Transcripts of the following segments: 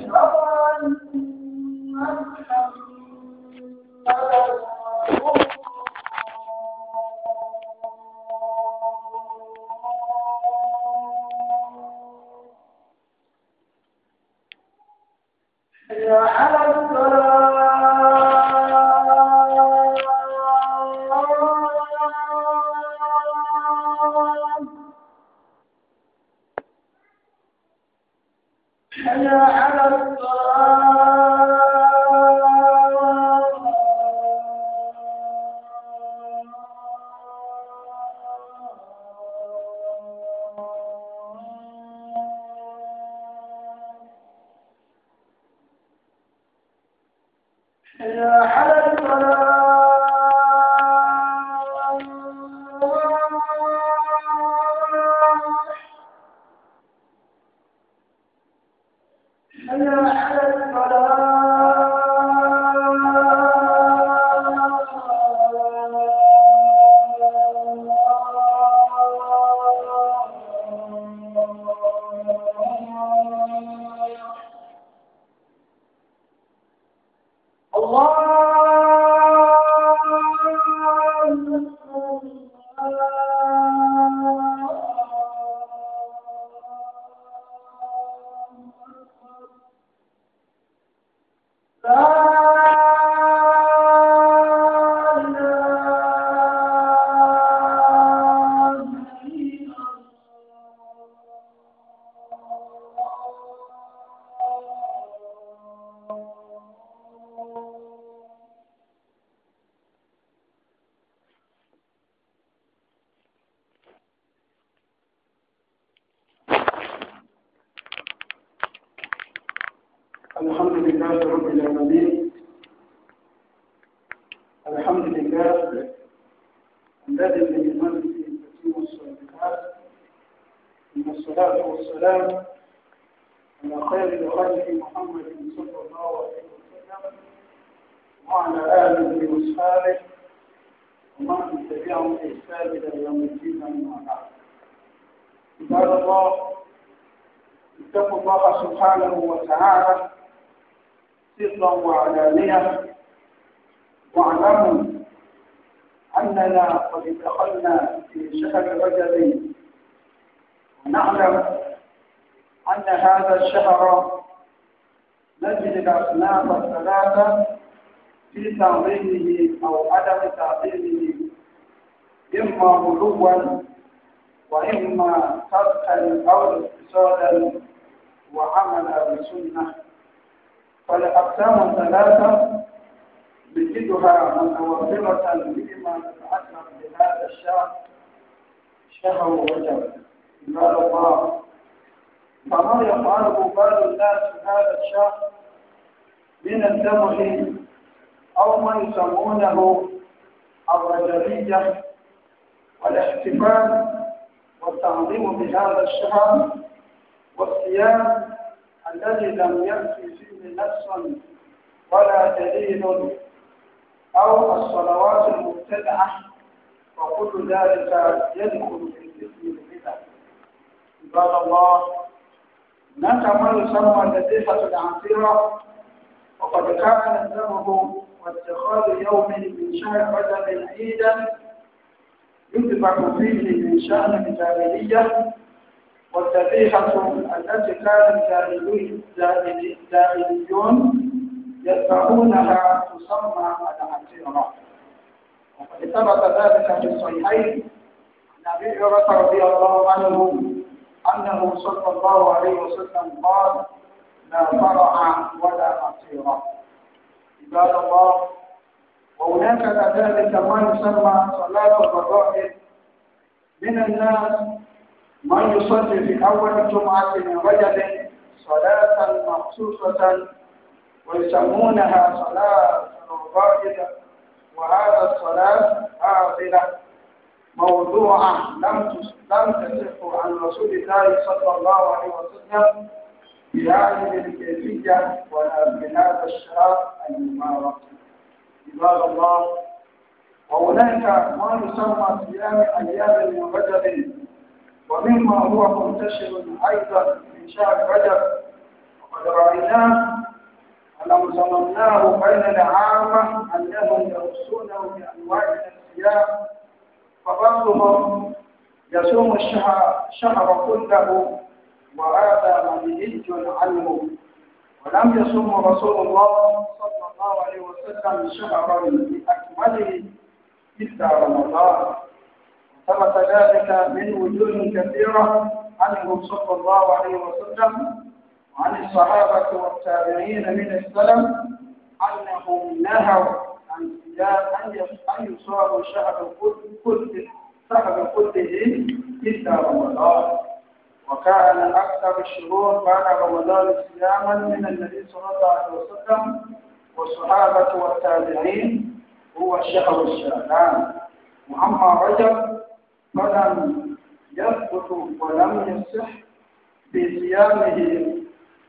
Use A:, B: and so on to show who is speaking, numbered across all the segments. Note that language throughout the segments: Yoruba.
A: Thank you. القضية واعلموا أننا قد دخلنا في شهر رجب ونعلم أن هذا الشهر نجد الأصناف الثلاثة في تعظيمه أو عدم تعظيمه إما غلوا وإما تركا أو اقتصادا وعملا بسنة فالأقسام الثلاثة نجدها متوفرة بما يتعلق بهذا الشهر شهر رجب عباد الله فما يفعله بعض الناس هذا الشهر من الدمع أو ما يسمونه الرجبية والاحتفال والتعظيم بهذا الشهر والصيام الذي لم يكفي فيه نفس ولا دليل أو الصلوات المبتدعة وكل ذلك يدخل في تسليم البدع عباد الله هناك ما يسمى النصيحة العسيرة وقد كان الذنب واتخاذ يوم من شهر بدل عيدا يدفع فيه من شأن الجاهلية والذبيحة التي كان الجاهليون يتبعونها تسمى العتيرة وقد ثبت ذلك في الصحيحين عن أبي هريرة رضي الله عنه أنه صلى الله عليه وسلم قال لا فرع ولا عتيرة عباد الله وهناك كذلك ما يسمى صلاة الرغائب من الناس من يصلي في أول جمعة من رجب صلاة مخصوصة ويسمونها صلاة الرافضة وهذا الصلاة آخرة موضوعة لم لم تصح عن رسول الله صلى الله عليه وسلم بهذه يعني الكيفية ولا بهذا الشرف المبارك عباد الله وهناك ما يسمى صيام أيام من رجب ومما هو منتشر أيضا من شهر رجب وقد رأيناه ولو ظنناه بين العامة أنهم يرسونه بأنواع الصيام فبعضهم يصوم الشهر شهر كله وهذا منهج عنه ولم يصوم رسول الله صلى الله عليه وسلم شهرا بأكمله إلا رمضان ثبت ذلك من وجوه كثيرة عنه صلى الله عليه وسلم وعن الصحابة والتابعين من السلف أنهم نهوا عن أن يصاب شهر كله شهر كله إلا رمضان وكان أكثر الشهور بعد رمضان صياما من النبي صلى الله عليه وسلم والصحابة والتابعين هو شهر الشعبان وأما رجب فلم يثبت ولم يصح بصيامه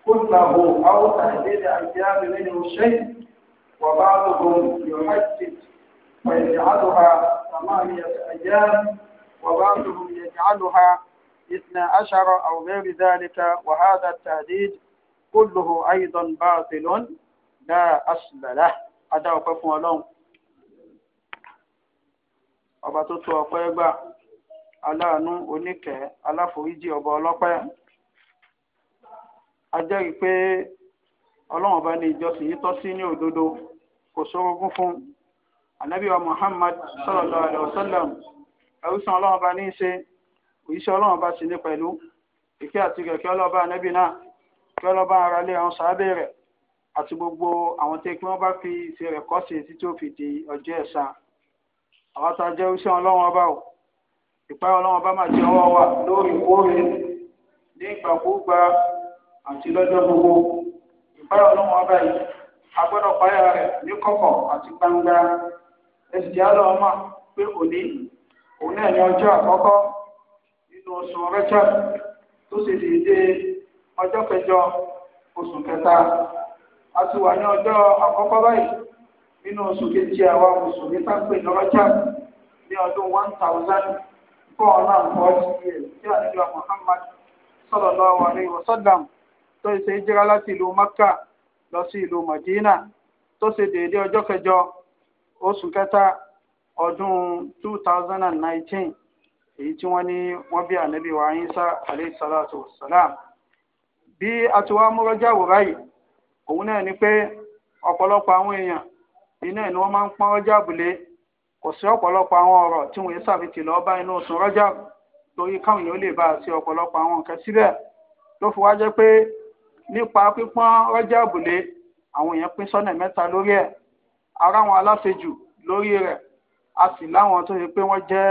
A: كله أو تحديد أيام منه شيء وبعضهم يحدد ويجعلها ثمانية أيام وبعضهم يجعلها اثنا عشر أو غير ذلك وهذا التهديد كله أيضا باطل لا أصل له هذا هو لهم ọba tó aláàánú oníkẹ́ aláforíjì ọba ọlọ́pẹ́ a jẹ́rìí pé ọlọ́run ọba ní ìjọsìn yìí tọ́ sí ní òdodo kò sórogún fún ànábì Muhammad sallallahu alaihi wasallam ẹrúsàn ọlọ́run ọba ní í ṣe òyíṣẹ́ ọlọ́run ọba sì ní pẹ̀lú ìkẹ́ àti rẹ̀ kí ọlọ́ba ànábì náà kí ọlọ́ba ara lé àwọn sàábẹ̀ rẹ̀ àti gbogbo àwọn tí kí wọ́n bá fi ṣe rẹ̀ kọ́ sí títí ó fi di ọjọ́ ẹ̀san àwọn tá a jẹ́ òyíṣẹ́ ọlọ́run ọba o ìpáyọ̀ ọlọ́run bá máa jẹ ọwọ́ wa lóòrèkóòrè ní ìgbàkúgbà àti lọ́jọ́ gbogbo ìpáyọ̀ ọlọ́run ọba yìí a páyà rẹ̀ ní kọ̀kọ̀ àti gbangba ẹsì àlọ́ ọmọ pé òní òun náà ní ọjọ́ àkọ́kọ́ nínú oṣù rẹ́jọ́ tó sì ọjọ́ kẹjọ oṣù kẹta a ti wà ní ọjọ́ àkọ́kọ́ báyìí nínú oṣù kejì àwa four náà forty years tí Muhammad sallallahu alaihi wasallam tó ṣe hijira láti ìlú lọ sí ìlú tó ṣe ọjọ́ kẹjọ oṣù kẹta ọdún èyí tí wọ́n ní wọ́n bí ànábì wa Ìsá alayhi salatu bí a ti wá múrọ́jà wò báyìí òun ni pé ọ̀pọ̀lọpọ̀ àwọn èèyàn ni wọ́n kò sí ọ̀pọ̀lọpọ̀ àwọn ọ̀rọ̀ tí wọ́n ṣàfihàn lọ bá inú oṣù rọ́jà torí káwọn èèyàn lè bá a ṣe ọ̀pọ̀lọpọ̀ àwọn nǹkan síbẹ̀ ló fi wá jẹ́ pé nípa pípọ́n rọ́jà àbùlé àwọn èèyàn pín sọ́nà mẹ́ta lórí ẹ̀ ara àwọn aláṣejù lórí rẹ̀ a sì láwọn tó ṣe pé wọ́n jẹ́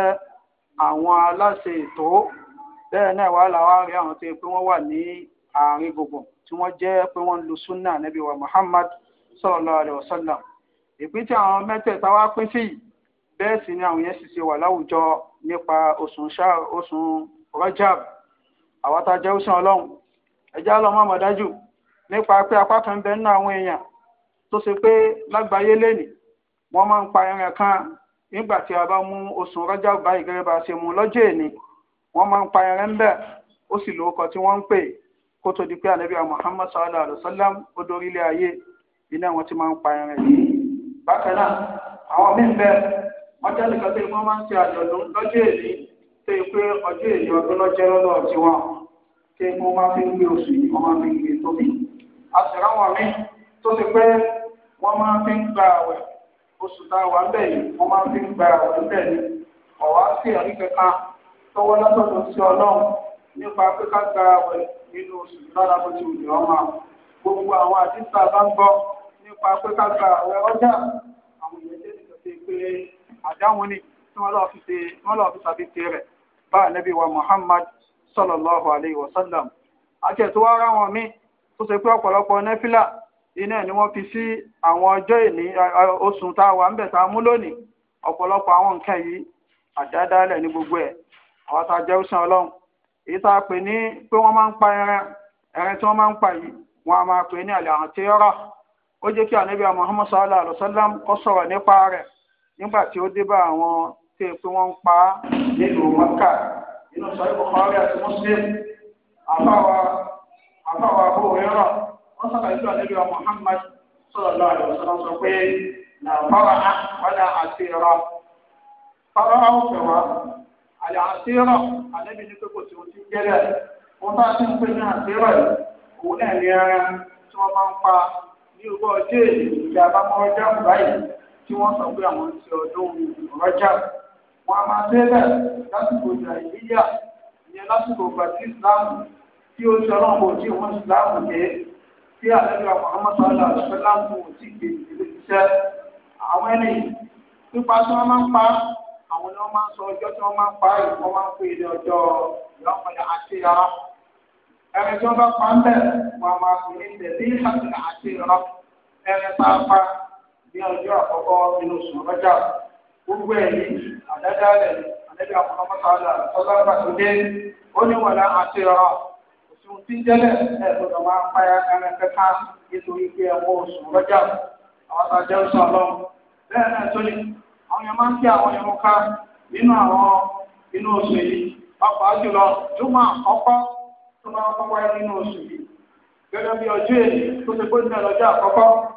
A: àwọn aláṣẹ ètò bẹ́ẹ̀ náà wà láwa rí àwọn tó ṣe pé wọ́n wà ní àárín gbùngbùn tí wọ́n jẹ́ pé wọ́n lu sunna nabi wa Muhammad sallallahu alaihi wasallam ìpín tí àwọn mẹ́tẹ̀ẹ̀ta wá pín sí yìí bẹ́ẹ̀ sì ni àwọn yẹn sì ṣe wà láwùjọ nípa oṣù rajab àwọn tá a jẹ́ oṣù ọlọ́run ẹ̀já lọ mọ́ mọ̀dájú nípa pé apá kan bẹ nínú àwọn èèyàn tó ṣe pé lágbàáyé lẹ́nì wọ́n máa ń pa ẹran kan nígbà tí a bá mú oṣù rajab báyìí gẹ́gẹ́ bá ṣe mú lọ́jọ́ èní wọ́n máa ń pa ẹran ń bẹ̀ ó sì lóko tí wọ́n ń pè kó tó di pé ànábì Muhammad sallallahu alayhi wa sallam ó dorí ilé ayé iná wọn ti máa ń pa ẹran yìí bákan náà àwọn míì ọjọ́ nìkan tí wọ́n máa ń ṣe àjọ̀dún lọ́jọ́ èyí tó yẹ pé ọjọ́ èyí ọdún lọ́jọ́ lọ́dọ̀ ti wà tí wọ́n máa fi ń gbé oṣù yìí wọ́n máa fi ń gbé tóbi. àṣìráwọ̀ mi tó ti pé wọ́n máa fi ń gba àwẹ̀ oṣù tá a wà ńbẹ̀ yìí wọ́n máa fi ń gba àwẹ̀ ńbẹ̀ ni ọ̀wá sí ẹ̀rí kankan tọwọ́ látọ̀dọ̀ sí ọlọ́run nípa pé gba àwẹ̀ nínú oṣù lára bó ti wùdí àdáhùn ni tí wọ́n lọ́ọ́ fi sàbí tirẹ̀ bá ànábì wa Muhammad sallallahu alayhi wa sallam àti ẹ̀tọ́ wa ráwọn míì tó ṣe pé ọ̀pọ̀lọpọ̀ nẹ́fílà iná ni wọ́n fi sí àwọn ọjọ́ ìní oṣù tá a wà ń bẹ̀ tá a mú lónìí ọ̀pọ̀lọpọ̀ àwọn nǹkan yìí àdádálẹ̀ ní gbogbo ẹ̀ àwọn tá a jẹ́ òṣìṣẹ́ ọlọ́run nípa rẹ̀ nígbà tí ó débà àwọn tí pé wọ́n ń pa á nínú mọ́kà nínú sọ́yìn Bukhari àti Muslim àbáwa àbáwa yọrọ wọ́n sọ̀rọ̀ ìjọ Muhammad sọ pé làbára á wàdà àti rọ fara á ó fẹ́ wá àti rọ àlẹbi ní pípò tí ti wọ́n bá ti ń pè ní àti yìí òun náà ní tí wọ́n máa ń pa ní tí wọ́n sọ pé àwọn ti ọdún rọ́jà wọn a máa tẹ́lẹ̀ lásìkò nàìjíríà ìyẹn lásìkò gbàtí ìsìláàmù tí ó ṣe ọlọ́run kò tí wọ́n ìsìláàmù dé tí àlejò àwọn amọ́sọ̀lá ìsìláàmù kò tí gbé ìdílé iṣẹ́ àwọn ẹni nípa tí wọ́n máa ń pa àwọn ni wọ́n máa ń sọ ọjọ́ tí wọ́n máa ń pa ìfọ́ máa ń pè ní ọjọ́ ìlọ́pàdà àti ara ẹni tí wọ́n bá pa ń pa ní ọjọ́ àkọ́kọ́ nínú oṣù rọ́jà gbogbo ẹ̀yìn àdádálẹ̀ àdẹ́bí àpamọ́sáàlà ọlọ́gbà tó dé ó ní wọ̀lá àti ọ̀rọ̀ òṣùn tí ń jẹ́lẹ̀ ẹ̀ẹ́dọ̀dọ̀ máa ń payá ẹran kẹta nítorí pé ẹ̀wọ́ oṣù rọ́jà àwọn bẹ́ẹ̀ náà tó ní àwọn yẹn máa ń kí àwọn yẹn ká nínú àwọn inú oṣù yìí ọkọ̀ júmọ̀ àkọ́kọ́ tó máa kọ́kọ́ nínú oṣù yìí gẹ́gẹ́ bí ọjọ́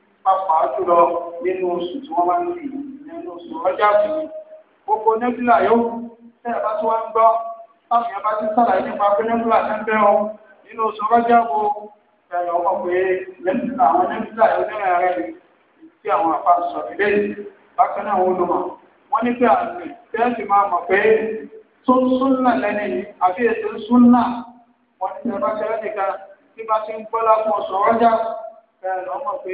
A: pàápàá jùlọ nínú oṣù tí wọ́n máa ń fi nínú oṣù ọjà sí gbogbo nẹ́bílà yóò tẹ́ ẹ bá tí wọ́n ń gbọ́ táwọn yẹn bá ti sàlàyé nípa pé nẹ́bílà ti ń bẹ́ ọ nínú oṣù ọjà wo ẹ̀rọ ọkọ̀ pé nẹ́bílà àwọn nẹ́bílà yóò ní ẹ̀rẹ́ tí àwọn àpá sọ ilé bákan náà wọn lò mọ̀ wọ́n ní pé àmì tẹ́ẹ̀sì máa mọ̀ pé tó ń yìí àbí ètò ń wọ́n ní tẹ́ẹ̀ bá tẹ́ẹ̀ nìkan tí bá ti ń gbọ́lá fún ọ̀sọ̀ ọjà ẹ̀rọ ọmọ pé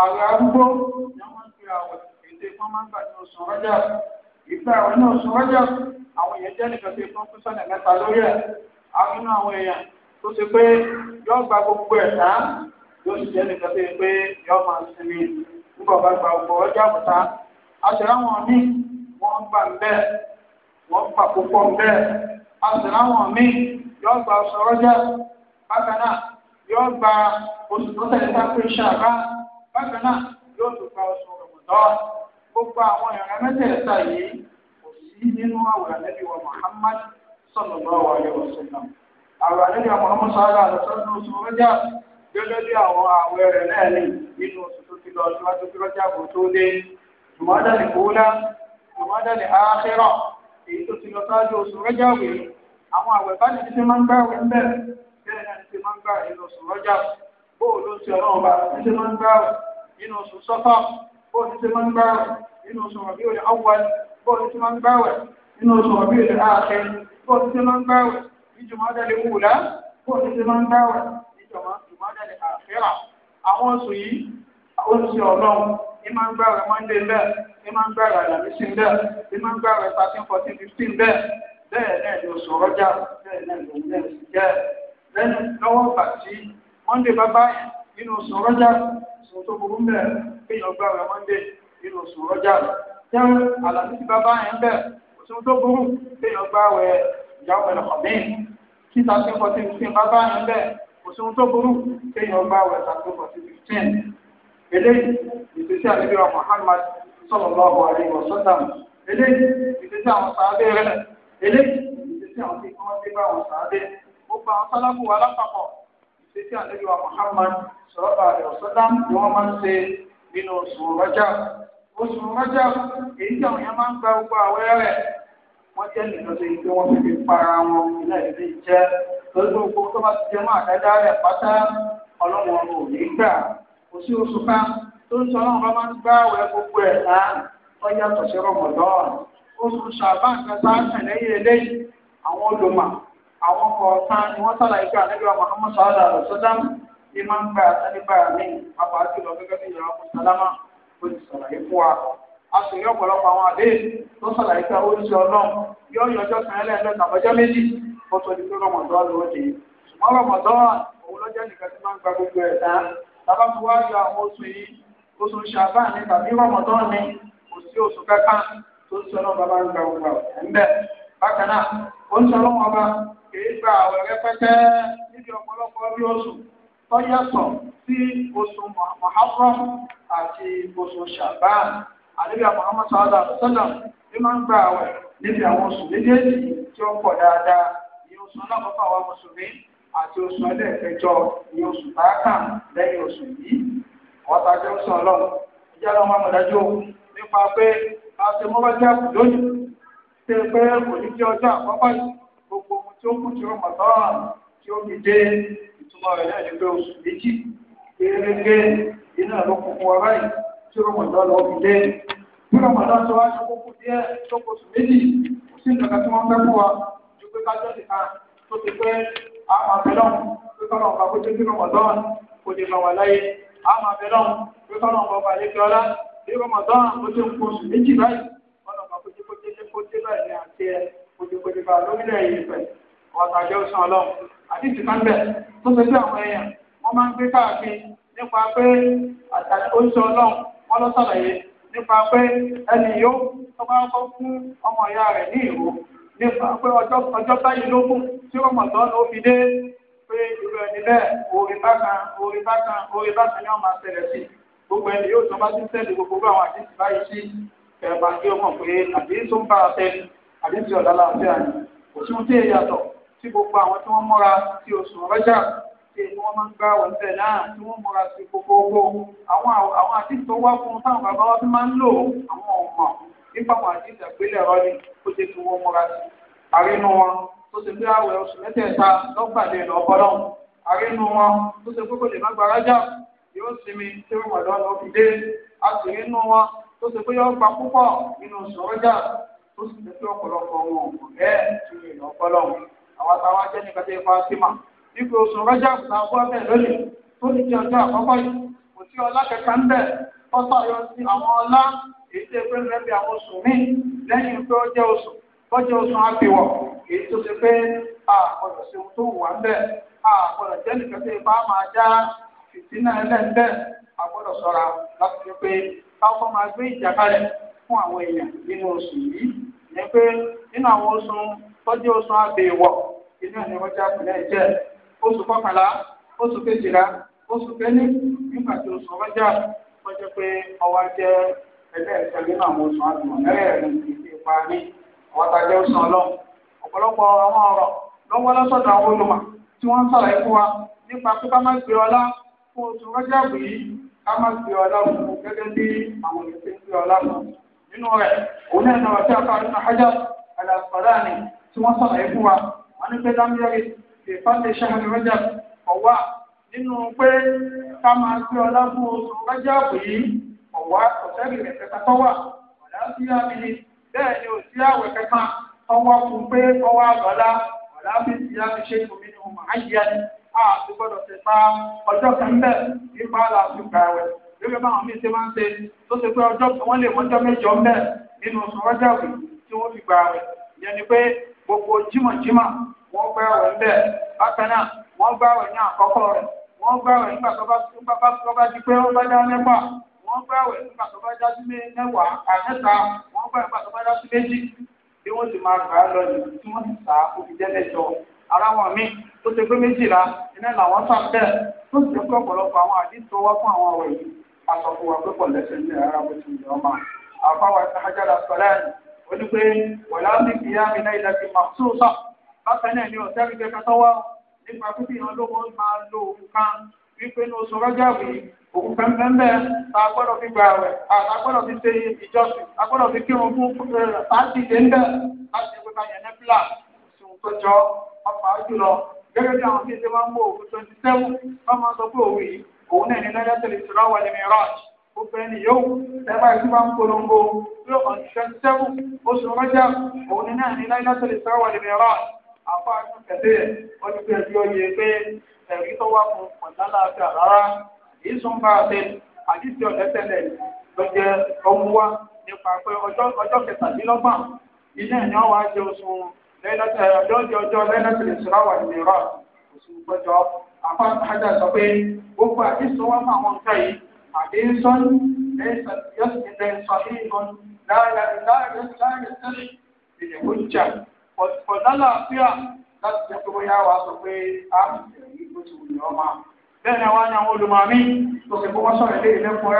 A: àwọn arúgbó ni wọ́n ń fi àwọn èdè wọn máa ń gbà ní oṣù rọ́jà ìgbà àwọn ní oṣù rọ́jà àwọn èèyàn jẹ́ nìkan tí wọ́n pín sọ́nà mẹ́ta lórí ẹ̀ àwọn inú àwọn èèyàn tó ṣe pé yóò gba gbogbo ẹ̀ tán yóò sì jẹ́ nìkan tí pé yóò máa sinmi nígbà bá gba ọgbọ ọjà àbùtá àṣìláwọn míì wọ́n gbà ń bẹ́ẹ̀ wọ́n gbà púpọ̀ ń bẹ́ẹ̀ àṣìláwọn míì yóò gba oṣù rọ́jà bákan náà yóò gba oṣù tó tẹ̀lé bákan náà yóò tún gba oṣù rọ̀mọ̀tọ́ gbogbo àwọn ìran mẹ́tẹ̀ẹ̀ta yìí kò sí nínú àwòrán nẹ́bí wa Muhammad sallallahu alaihi wasallam àwòrán nẹ́bí wa Muhammad sallallahu alaihi wasallam oṣù rọ́jà gẹ́gẹ́ bí àwọn àwẹ̀ rẹ̀ náà ní nínú oṣù tó ti lọ síwájú tí rọ́jà kò tó dé jùmọ́dá ní kúlá jùmọ́dá èyí tó ti lọ sáájú oṣù rọ́jà wèé àwọn àwẹ̀ bá ti ti máa ń gbà wẹ́ ń bẹ̀rẹ̀ bóòlù ti ọlọ́run bá ti ṣe máa ń gbá nínú oṣù sọ́fà bóòlù ti máa ń gbá nínú oṣù rọ̀bí òye awwal bóòlù ti máa ń gbá nínú oṣù rọ̀bí òye ààfẹ́ bóòlù ti máa ń gbá ìjùmọ̀ dálé wùlá bóòlù ti máa ń gbá ìjùmọ̀ dálé àkhírà àwọn oṣù yìí oṣù ti ọlọ́run ní máa ń gbá rẹ̀ bẹ́ẹ̀ ní máa ń gbá rẹ̀ bẹ́ẹ̀ ní máa ń gbá rẹ̀ thirteen fourteen bẹ́ẹ̀ bẹ́ẹ̀ náà ni oṣù rọ́jà bẹ́ẹ̀ náà ni oṣù jẹ́ lẹ́nu lọ́wọ́ mọ́ndé bàbá nínú oṣù rọ́jà oṣù tó burú ń bẹ̀ kéèyàn gbà rẹ̀ mọ́ndé nínú oṣù rọ́jà jẹ́ àlàyé ti bàbá yẹn bẹ̀ oṣù tó burú kéèyàn gbà rẹ̀ ìyá ọ̀pẹ̀lẹ̀ kọ̀mí títà sí fọ́tí fífín eléyìí ìṣesí Muhammad sallallahu alaihi wasallam eléyìí ìṣesí àwọn sàádé rẹ̀ eléyìí ìṣesí àwọn tí wọ́n ti bá àwọn sàádé gbogbo àwọn sálábù wa lápapọ̀ títí àlejò wa Muhammad sọlọ́bà àlẹ́ ọ̀sọ́dá ni wọ́n máa ń ṣe nínú oṣù rọ́jà oṣù rọ́jà èyí tí àwọn yẹn máa ń gba gbogbo àwẹ̀ rẹ̀ wọ́n jẹ́ nìkan ṣe pé wọ́n fi fi para wọn ilé ìdílé jẹ́ lórí gbogbo tó bá ti jẹ́ mọ́ àdáda rẹ̀ pátá ọlọ́wọ́n ò ní gbà kò sí oṣù kan tó ń sọ ọlọ́run bá máa ń gbá àwẹ̀ gbogbo ẹ̀ ta ó yàtọ̀ sí rọmọdọ́ọ̀nù oṣù ṣàbá tẹ̀lé àwọn kwa ni wọ́n sọ̀rọ̀ ìgbà nígbà Muhammad sallallahu alaihi wasallam ní máa ń gba àtẹnigbà mi àbájú lọ gẹ́gẹ́ bí ìyàwó sálámà ó ti sọ̀rọ̀ yìí wa. a sì rí ọ̀pọ̀lọpọ̀ àwọn tó sọ̀rọ̀ ìgbà ọlọ́run yóò kan méjì tó di pé rọmọdọ́ ṣùgbọ́n rọmọdọ́ bakanaa náà ó ń sọ̀rọ̀ ọba bá kìí gba àwẹ̀ rẹpẹtẹ níbi ọ̀pọ̀lọpọ̀ bí oṣù tó sí oṣù àti oṣù Muhammad sallallahu alaihi ní máa ń gba àwẹ̀ níbi àwọn oṣù méjèèjì tí ó pọ̀ dáadáa ní oṣù àwọn mùsùlùmí àti oṣù ẹlẹ́ẹ̀kẹjọ ní oṣù lẹ́yìn oṣù yìí nípa pé bá a ṣe mọ́bájá ṣe pé oníjẹ́ ọjọ́ àkọ́kọ́ yìí gbogbo ohun tí ó kù tí ó mọ̀ tí ó fi dé ìtumọ̀ rẹ̀ náà ní oṣù méjì kéréké iná ló kún fún wa báyìí tí ó mọ̀ náà fi dé bí ọmọ náà tó wá ṣe kókó díẹ̀ tó kó oṣù méjì kò sí nǹkan tí wọ́n fẹ́ fún wa ju pé kájọ́ nìkan tó ti pé àmàbẹ̀lọ́n pé kọ́nà ọ̀gá kó tẹ́tí rọmọdán kò lè bà wà láyé àmàbẹ̀lọ́n pé kọ́nà ọ̀gá ọ̀gá lè bí rọmọdán kó tẹ́ ń kó oṣù méjì kó débà ní àti ẹ kòtòkòtò bá lómìnira yìí pẹ̀ ọ̀tàjọ́ sàn ọlọ́run àti ìtìkánbẹ̀ tó ṣe bí àwọn èèyàn wọ́n máa ń gbé káàkiri nípa pé oṣù ọlọ́run wọ́n lọ sàlàyé nípa pé ẹnì yóò tó bá kọ́ fún ọmọ ìyá rẹ̀ ní ìró nípa pé ọjọ́ báyìí ló kù tí ọmọ ọ̀dọ́ ló fi dé pé irú ẹni bẹ́ẹ̀ orí bákan orí bákan orí bákan ni wọ́n máa ṣẹlẹ̀ sí gbogbo ẹni yóò tó bá ti sẹ́ẹ̀lì gbogbo àwọn àdéhùn báyìí sí ẹ̀bà kí o mọ̀ pé àbí tó ń bá a tẹ́ àbí tí ọ̀dà láàfíà ni kò sí ohun tí èyí yàtọ̀ tí gbogbo àwọn tí wọ́n múra sí oṣù rọ́jà tí wọ́n máa ń gbá ọ̀sẹ̀ náà tí wọ́n múra sí gbogbogbò àwọn àwọn àti tó wá fún táwọn bàbá wa fi máa ń lò àwọn ọ̀mọ̀ nípa àwọn àti ìdàgbélẹ̀ ẹ̀rọ ni ó ṣe kí wọ́n múra sí. àrínú wọn tó ṣe pé àwẹ̀ oṣù mẹ́tẹ̀ẹ̀ta lọ́gbàdé lọ́kọ́lọ́ àrínú wọn tó ṣe pé lè má gba rájà yóò sinmi tí wọ́n mọ̀ lọ́nà ó fi dé àtìrínú wọn ó ṣe pé yọ gba púpọ̀ nínú sọ̀rọ̀jà tó sì ṣe pé ọ̀pọ̀lọpọ̀ wọn ò bẹ́ẹ̀ tún lè lọ àwọn táwa jẹ́ ní kẹtẹ́ ipa símà ipò sọ̀rọ̀jà ta bọ́ lónìí tó ní ọjọ́ àkọ́kọ́ yìí kò sí ọlá kẹta ń bẹ̀ yọ sí àwọn ọlá èyí tó pé lẹ́bi àwọn oṣù míì lẹ́yìn pé ó agbọdọ sọra sọ́ra láti fi pé káwọn máa gbé ìjàkálẹ̀ fún àwọn èèyàn nínú oṣù yìí ní pé nínú àwọn oṣù tọ́jú oṣù àbẹ̀wọ̀ inú ẹ̀ ní wọ́n já pẹ̀lẹ́ oṣù kọkànlá oṣù kejìlá oṣù kẹ́lẹ́ nígbà tí oṣù ọjà wọ́n jẹ́ pé ọwọ́ jẹ́ ẹlẹ́ẹ̀kẹ́ nínú àwọn oṣù na mẹ́rẹ̀ẹ̀rin ìdí ìparí ọ̀wọ́ ta oṣù àwọn àwọn tí wa nípa ọlá fún oṣù rọ́jà pé ká má gbé ọlá mu gẹ́gẹ́ bí àwọn èèyàn ti ń gbé ọlá mu nínú rẹ̀ òun náà náà tí a fa nínú hajj alàfàdà ni tí wọ́n sọ̀rọ̀ fún wa wọ́n ní pé lámúyẹ́rì lè fàṣẹ ṣáàlì rọ́jà ọ̀wá nínú pé ká máa gbé ọlá fún àti ah, gbọ́dọ̀ ti pa ọjọ́ kan bẹ́ẹ̀ nípa àlàáfíà rẹ̀ gẹ́gẹ́ báwọn míín ṣe máa ń ṣe tó ṣe pé ọjọ́ wọ́n lè mọ́jọ́ mẹ́jọ ń bẹ́ẹ̀ nínú oṣù rọ́jàwì tí wọ́n fi gbà rẹ̀ ìyẹn ni pé gbogbo jímọ̀jímọ̀ wọ́n gbà rẹ̀ ń bẹ́ẹ̀ bákan náà wọ́n gbà rẹ̀ ní àkọ́kọ́ rẹ̀ wọ́n gbà rẹ̀ nígbà tó bá di pé ó bá dá mẹ́fà wọ́n gbà rẹ̀ nígbà tó bá dá sí mẹ́wàá àmẹ́ta wọ́n gbà nígbà tó bá dá sí méjì bí wọ́n ti máa gbà á lọ nìyí tí wọ́n ti sá òfin jẹ́ mẹ́jọ ara wọn mi tó ṣe pé méjìlá iná làwọn sàn bẹ́ẹ̀ tó ṣe pé ọ̀pọ̀lọpọ̀ àwọn àdìsọ wá fún àwọn ọ̀rọ̀ yìí aṣọ fún wa pé pọ̀ lẹ́sẹ̀ ní ara bó ti yọ ọmọ àfáwà ìtajà sọlẹ̀ ó ní pé wọ̀lá mi kì í àmì náà ìlàjì màṣúùsà bákan náà ni ọ̀sẹ̀ mi kẹ́kẹ́ tọ́wọ́ nípa pípé ìran ló máa lo òun kan wípé ní oṣù rọ́jà wìí òun pẹ́ńpẹ́ńpẹ́ ta gbọ́dọ̀ fi gba àwẹ̀ ta gbọ́dọ̀ fi ṣe ìjọsìn ta gbọ́dọ̀ fi kírun fún pàṣẹ eh, ìdẹ́ńdẹ́ láti ẹgbẹ́ bá yẹn nẹ́fìlà oṣù tó jọ ọ̀pá jùlọ gẹ́gẹ́ bí àwọn tí ṣe máa ń mú òwú twenty seven wọ́n máa sọ pé òwú yìí òun náà ní náírà tẹ̀lé ìṣúra wà ní mìíràn gbogbo ẹni yóò ẹgbẹ́ ẹ̀sìn máa ń polongo pé on twenty seven oṣù rọ́jà òun náà ní náírà tẹ̀lé ìṣúra wà ní mìíràn àpá àti kẹ̀tẹ́ wọ́n ti fẹ́ di oyè pé ẹ̀rí tó wá fún ọ̀dálàáfíà rárá èyí sùn bá lọ́jọ́ ọjọ́ lẹ́nàtì ìṣúra wà ní ìrọ̀ oṣù gbọ́jọ́ afá àjà sọ pé gbogbo àdìsọ wà fún àwọn nǹkan yìí àdìsọ́n lẹ́sìn sọ̀hìn ìgbọ́n láàrin láàrin sẹ́yìn ìdìbò jà ọ̀dọ́làáfíà láti jẹ́ pé bóyá wàá sọ pé a ń tẹ̀lé bó ti wù ní ọmọ bẹ́ẹ̀ ni wọ́n ní àwọn olùmọ̀mí tó ti kọ́kọ́ sọ̀rọ̀ ilé ìlẹ́kùn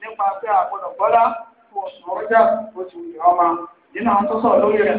A: nípa pé àgbọ̀dọ̀ fún ọ̀sùn ọjà bó ti wù ọmọ nínú àwọn tó sọ̀rọ̀ lórí rẹ̀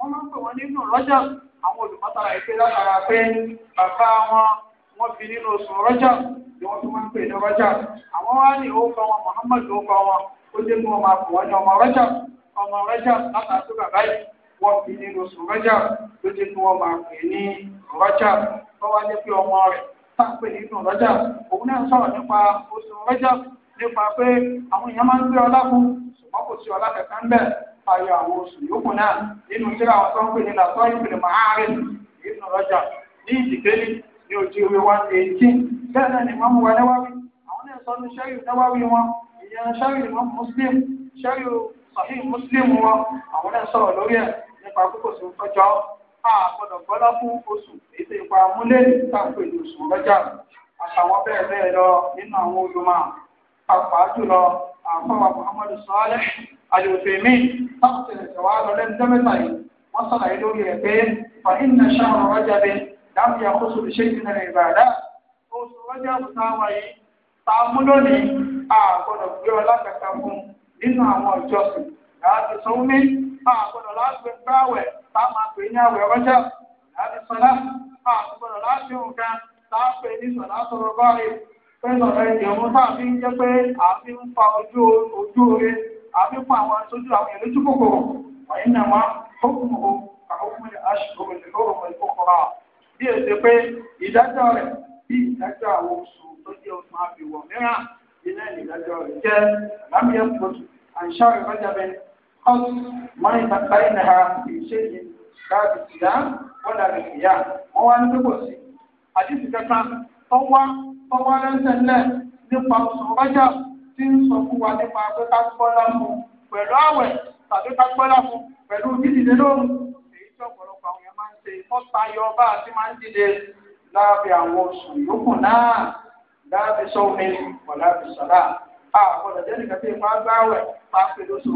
A: wọ́n máa ń pè wọ́n nínú rọ́jà àwọn olùmọ́tara ìpè látara pé bàbá wọn wọ́n fi nínú oṣù rọ́jà ni wọ́n fi máa ń pè ní rọ́jà àwọn wá ní orúkọ wọn Muhammad orúkọ wọn ó dé mú ọmọ àpò wọn ní ọmọ rọ́jà ọmọ rọ́jà látara tó bàbá yìí wọ́n fi nínú oṣù rọ́jà ló dé mú ọmọ àpè ní rọ́jà tó wá jẹ́ pé ọmọ rẹ̀ tá a pè nínú rọ́jà òun náà sọ̀rọ̀ nípa oṣù rọ́jà nípa pé àwọn èèyàn máa ń gbé ọlá fún ṣùgbọ́n kò sí ọlá kẹ̀kẹ́ ń bẹ̀ ayọ̀ àwọn oṣù yòókù náà nínú síra àwọn tó ń pè ní làtọ́ ìpìlẹ̀ màárẹ̀ nínú rọ́jà ní ìdíkẹ́lì ní ojú ìwé one eighteen bẹ́ẹ̀ náà ni mọ́mú wa náwáwí àwọn náà sọ ní sẹ́yù náwáwí wọn ìyẹn sẹ́yù ìmọ̀ muslim sẹ́yù sọ̀hí muslim wọn àwọn náà sọ̀rọ̀ lórí ẹ̀ nípa kókò sí ọjọ́ àgbọ̀dọ̀ gbọ́dá fún oṣù ètò ìpa amúlé tàbí oṣù rọ́jà àtàwọn bẹ́ẹ̀ bẹ́ẹ̀ lọ nínú àwọn olùmọ̀ pàápàá jùlọ àfọwà muhammadu sọ́ọ́lẹ̀ àlùfèmí táwọn ìṣẹ̀wá lọ lẹ́nu dẹ́mẹ́ta yìí wọ́n sàlàyé lórí ẹ̀ pé fa iná ṣáwọn rọ́jà bẹ dáàbò yà kó sóbi ṣé ìdílé rẹ̀ ìbàdà oṣù rọ́jà táwa yìí ta mú àgbọ̀dọ̀ gbé ọlá kẹta fún nínú àwọn ìjọsìn láti sọ́wọ́mí àgbọ̀dọ̀ láti gbáwẹ̀ táwọn àgbẹ̀ ní àwẹ̀ rọ́jà láti sọ́lá àgbọ̀dọ̀ láti òǹkà táwọn ní sọ̀lá sọ̀rọ̀ báyìí ẹnu ẹ̀jẹ̀ wọn bá fi ń jẹ́ pé àfi ń ojú ojú àfi ń àwọn aṣojú àwọn tí kòkòrò fókùn o àkókò ní aṣọ ìlórò wọn ìkókòrò à bí o ṣe pé ìdájọ́ rẹ̀ bí ìdájọ́ àwọn oṣù tó jẹ́ oṣù àbíwọ̀ mìíràn iná ìdájọ́ rẹ̀ jẹ́ lámìyàn ha tọwọ́ lẹ́sẹ̀lẹ̀ nípa oṣù rọ́jà tí ń sọ fún wa nípa pé ká gbọ́lá fún pẹ̀lú àwẹ̀ tàbí ká gbọ́lá fún pẹ̀lú dídìde lóru èyí tí ọ̀pọ̀lọpọ̀ àwọn yẹn máa ń ṣe mọ́ta yọ ọba àti máa ń dìde láàbẹ̀ àwọn oṣù yòókù náà láàbẹ̀ sọ́ọ̀mì ọ̀làbẹ̀ sọ̀rà àgbọ̀dọ̀ jẹ́ nìkan tí ipa gbáwẹ̀ máa pè lóṣù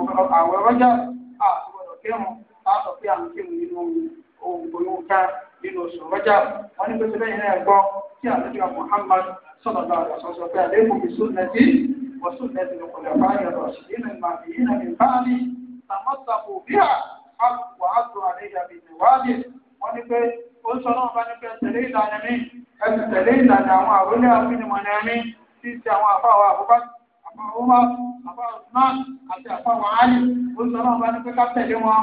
A: nínú oṣù rọ́jà wọ́n ní pẹ́sẹ́ lẹ́yìn náà gbọ́ tí àlejò Muhammad sọ̀nà bá rẹ̀ sọ̀sọ̀ pé àlékún bí súnẹ́tì wọ́n súnẹ́tì ló kọjá bá yọ̀ lọ sí nínú ìmàmì yìí náà ní báàlì tàmọ́tàkù bí à wà á tó àlejò àbí ìwádìí wọ́n ní pé ó sọ náà bá ní pé tẹ̀lé ìlànà mi ẹ̀sì tẹ̀lé ìlànà àwọn àrólé àfinimọ̀nà mi tí ti àwọn àfáwà àbúbá àfáwà àfáwà àti àfáwà áyì ó sọ náà bá ní pé ká tẹ̀lé wọn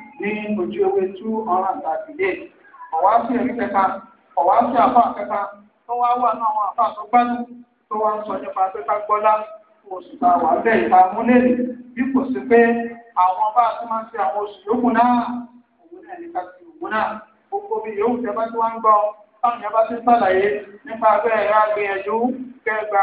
A: ní ojú ewé two hundred and thirty eight ọ̀wá sí ẹ̀rí kẹta ọ̀wá sí àfáà kẹta tó wá wà náà àwọn àfáà tó gbádùn tó wá ń sọ nípa pé ká gbọ́lá oṣù tá a wà bẹ́ẹ̀ ìta múlẹ̀lì bí kò sí pé àwọn bá a ti máa ń ṣe àwọn oṣù yòókù náà òun náà ní ká ti òun náà gbogbo bí yòówù tẹ bá ti wá ń gbọ́ táwọn yẹn bá ti sàlàyé nípa abẹ́ ẹ̀rọ agbìyànjú kẹgbà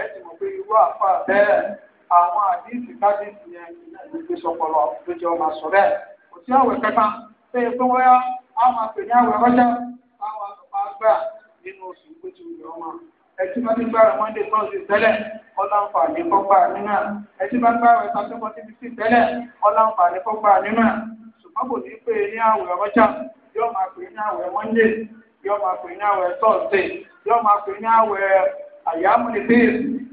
A: ẹ ti mọ̀ pé irú àfa bẹ́ẹ̀ àwọn àdíìsì kábíìsì yẹn ló gbé sọpọlọ ló jẹ́ ọmọ sọ bẹ́ẹ̀ kò sí àwẹ̀ kẹta pé pé wọ́n yá àwọn àpè ní àwẹ̀ rọ́jà táwọn àtọ̀pá gbà nínú oṣù tó ti wùdọ̀ ọmọ ẹtí bá ti gbára mọ́ndé tọ́sí tẹ́lẹ̀ ọlọ́nfààní kọ́gbà nínú ẹtí bá gbára ẹ̀ta tó kọ́ síbi sí tẹ́lẹ̀ ọlọ́nfààní kọ́gbà nínú ṣùgbọ́n kò ní pé ní àwẹ̀ ọjà yóò máa pè ní àwẹ̀ mọ́ndé yóò máa pè ní àwẹ̀ tọ́sí yóò máa pè ní àwẹ̀ àyàmú ni bẹ́ẹ̀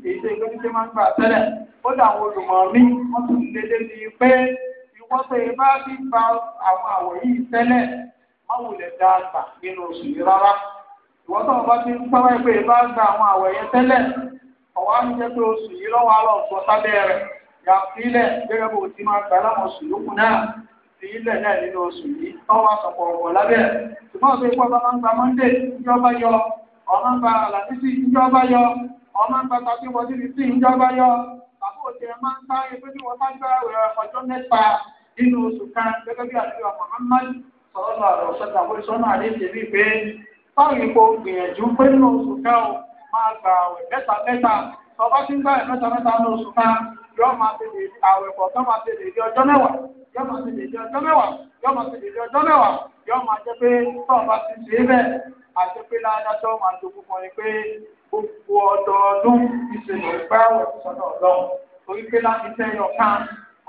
A: èyí tó ìgbẹ́ máa ń gbà tẹ́lẹ̀ àwọn wọ́n tún lédè sí i pé bá fi àwọn àwọ̀ yìí tẹ́lẹ̀ àgbà nínú oṣù yìí rárá bá ń pé bá gba àwọn àwọ̀ yẹn tẹ́lẹ̀ ọ̀wá jẹ́ pé oṣù yìí lọ́wọ́ ọ̀sọ́ sábẹ́ rẹ̀ yà sílẹ̀ gẹ́gẹ́ bó ti máa gbà oṣù náà sílẹ̀ náà nínú oṣù yìí ọwọ́ ọmọ ń gba àlàbísì ìjọba yọ ọmọ ń gba tàbí wọlé ní sí ìjọba yọ àbó òde ẹ máa ń sá ebi ní wọn bá gbá rẹ ọjọ́ mẹ́ta nínú oṣù kan gẹ́gẹ́ bí àti ọmọ Muhammad sọlọ àrẹ ọsọta àwọn ìṣọnà àlẹ ìṣèlú pé báwo ni kò gbìyànjú pé nínú oṣù kan o máa gba àwẹ̀ mẹ́ta mẹ́ta tọba tí ń gbà ẹ mẹ́ta ní oṣù kan yóò máa ti lè àwẹ̀ pọ̀ tó máa ti lè di ọjọ́ mẹ́wàá yóò máa ti lè di ọjọ́ mẹ́wàá yóò máa ti lè di ọjọ́ mẹ́wàá yóò máa jẹ pé tọba ti ṣe é bẹ́ẹ̀ àti pé ládá tó máa dogun kan ni pé gbogbo ọdọọdún ìṣèlú gbáwọ̀ sọ́dọ̀ ọlọ́run torí pé láti tẹ́yọ̀ kan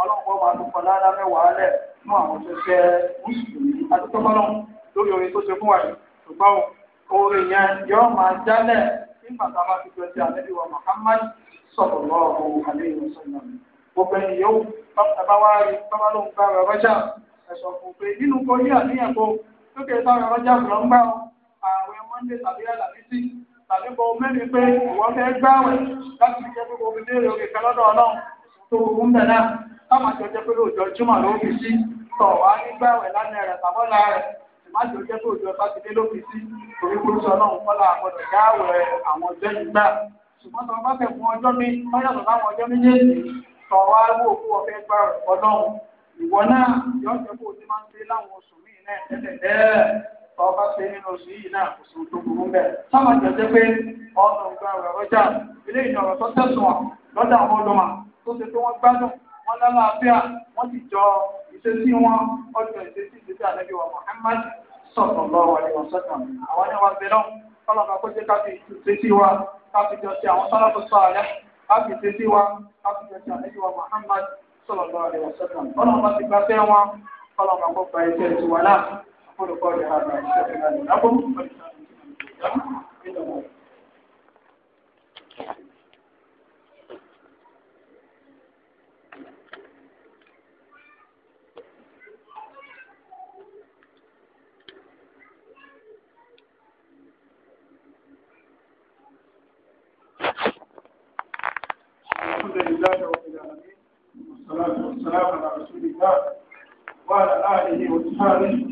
A: ọlọ́run máa dogun ládá mẹ́wàá lẹ̀ fún àwọn tó jẹ́ mùsùlùmí àti tó bọ́lọ́ lórí orin tó ṣe fún wa yìí ṣùgbọ́n orin yẹn yóò máa jálẹ̀ nígbà tá bá fi jọ sí àlejò wa Muhammad sọ̀rọ̀ lọ́ọ̀rọ̀ àlejò sọ̀rọ̀ gbogbo ẹni yóò bá wá rí bábá ló ń gbá rẹ̀ rọ́jà ẹ̀sọ̀ fún pé nínú kọ́ yí àníyàn ààwẹ̀ mọ́ndé tàbí àlàmísì tàbí bọ mẹ́rin pé ìwọ fẹ́ gbáwẹ̀ láti fi jẹ́ pé omi dé orí kan lọ́dọ̀ ọlọ́run tó ń bẹ̀ náà táwọn àjọ jẹ́ pé lóòjọ́ jùmọ̀ ló fi sí tọ̀ wá ní gbáwẹ̀ lánàá rẹ̀ tàbọ́lá rẹ̀ ìmájò jẹ́ pé òjò sátidé ló fi sí torí kó sọ náà ń kọ́lá àgbọ̀dọ̀ yáwẹ̀ àwọn ọjọ́ ìgbà ṣùgbọ́n tó bá fẹ́ fún ọjọ́ mi ọyàtọ̀ láwọn ọjọ́ méjèèjì tọ̀ wá wò kó o fẹ́ gbà ọlọ́run ìwọ náà yọ̀ọ́ fẹ́ kó o ti máa ń ṣe láwọn oṣù míì náà tẹ́lẹ̀ ọba ṣe nínú oṣù yìí náà kò sí tó burú bẹ́ẹ̀. sábà jẹ́jẹ́ pé ọ̀nà ògbà rẹ̀ rọ́jà ilé ìjọba tó tẹ̀sùn ọ̀ lọ́dọ̀ àwọn ọlọ́mà tó ṣe pé wọ́n gbádùn wọ́n lálàáfíà wọ́n ti jọ ìṣesí wọn ọjọ́ ìṣesí ìṣesí àlejò wa Muhammad sọ̀tọ̀ lọ́wọ́ àlejò sọ̀tọ̀ àwọn ẹni wa ń bẹ náà kọ́lọ̀ kan kó jẹ́ ká fi ìṣesí wa ká fi jọ sí àwọn sọ́lá tó sọ àlẹ́ ká ìṣesí wa ká jọ sí àlejò wa Muhammad sọ̀tọ̀ lọ́wọ́ àlejò sọ̀tọ̀ ọlọ́run bá ti gbà fẹ́ wọn kọ́lọ̀ kan kó gba iṣẹ́ أقول قولي هذا شكرا لكم الحمد لله رب العالمين والصلاة والسلام على رسول الله وعلى آله وصحبه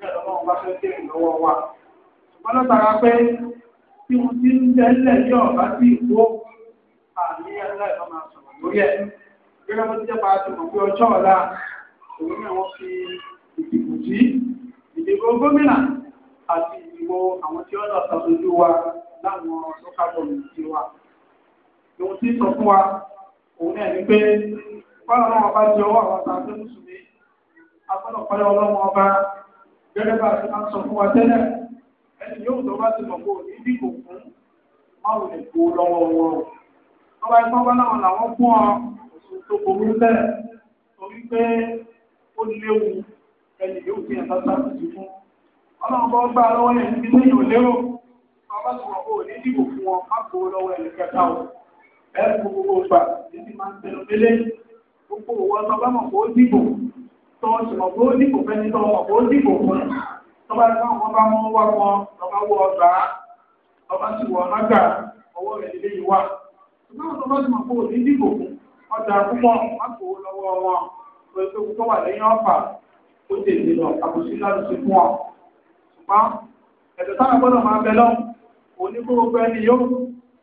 A: bẹ́ẹ̀ lọ́wọ́ bá fẹ́ bèrè lọ́wọ́ wa. ṣùgbọ́n látara pé tí mo ti ń tẹ́lẹ̀ ní ọ̀bá sí ìkó àmì aláìlọ́ máa sọ̀rọ̀ lórí ẹ̀. gẹ́gẹ́ bó ti jẹ́ pa ti mọ̀ pé ọjọ́ ọ̀la òun náà wọ́n fi ìdìbò sí ìdìbò gómìnà àti ìdìbò àwọn tí ó lọ sàṣojú wa láwọn lókàbọ̀ nìjí wa. Ìwọ̀n tí sọ fún wa òun náà ní pé fọ́lọ́mọ́ ọba jẹ́ ọwọ́ àwọn àtàkùn mùsùlùmí afọ́lọ́pọ́lọ́ ọlọ́mọ ọba gẹ́gẹ́ bá ti máa ń sọ fún wa tẹ́lẹ̀ ẹni yóò tó bá ti mọ̀ kó ní dìbò fún máwùn lè kó lọ́wọ́ wọn o. ọba ẹ̀kọ́ bá náà làwọn fún ọ òṣù tó borí bẹ́ẹ̀ torí pé ó léwu ẹni yóò fi ẹ̀ta sáfìsì fún. ọlọ́run bọ́ gbà lọ́wọ́ yẹn ti ní ìyọ̀ lérò ọba ti mọ̀ kó ní dìbò fún wọn má kó lọ́wọ́ ẹni kẹta o. ẹ gbogbo gbà ní ti máa ń tẹnu délé gbogbo òwò tọ́ ṣùgbọ́n kó dìbò fẹ́ni tọ́ ọmọ kó dìbò fún tọ́ba tí wọ́n bá mú wá wọn tọ́ba wọ ọgbà tọ́ba sì wọ ọ̀nàgbà ọwọ́ rẹ̀ nílé yìí wà ṣùgbọ́n tọ́ba sì mọ̀ kó ní dìbò fún ọjà púpọ̀ má kó lọ́wọ́ wọn lórí pé kó wà lẹ́yìn ọ̀fà ó tètè lọ àbòsí láti ṣe fún ọ ṣùgbọ́n ẹ̀sẹ̀ táwọn gbọ́dọ̀ máa bẹ lọ́wọ́ onígbòrò pẹ̀lú yóò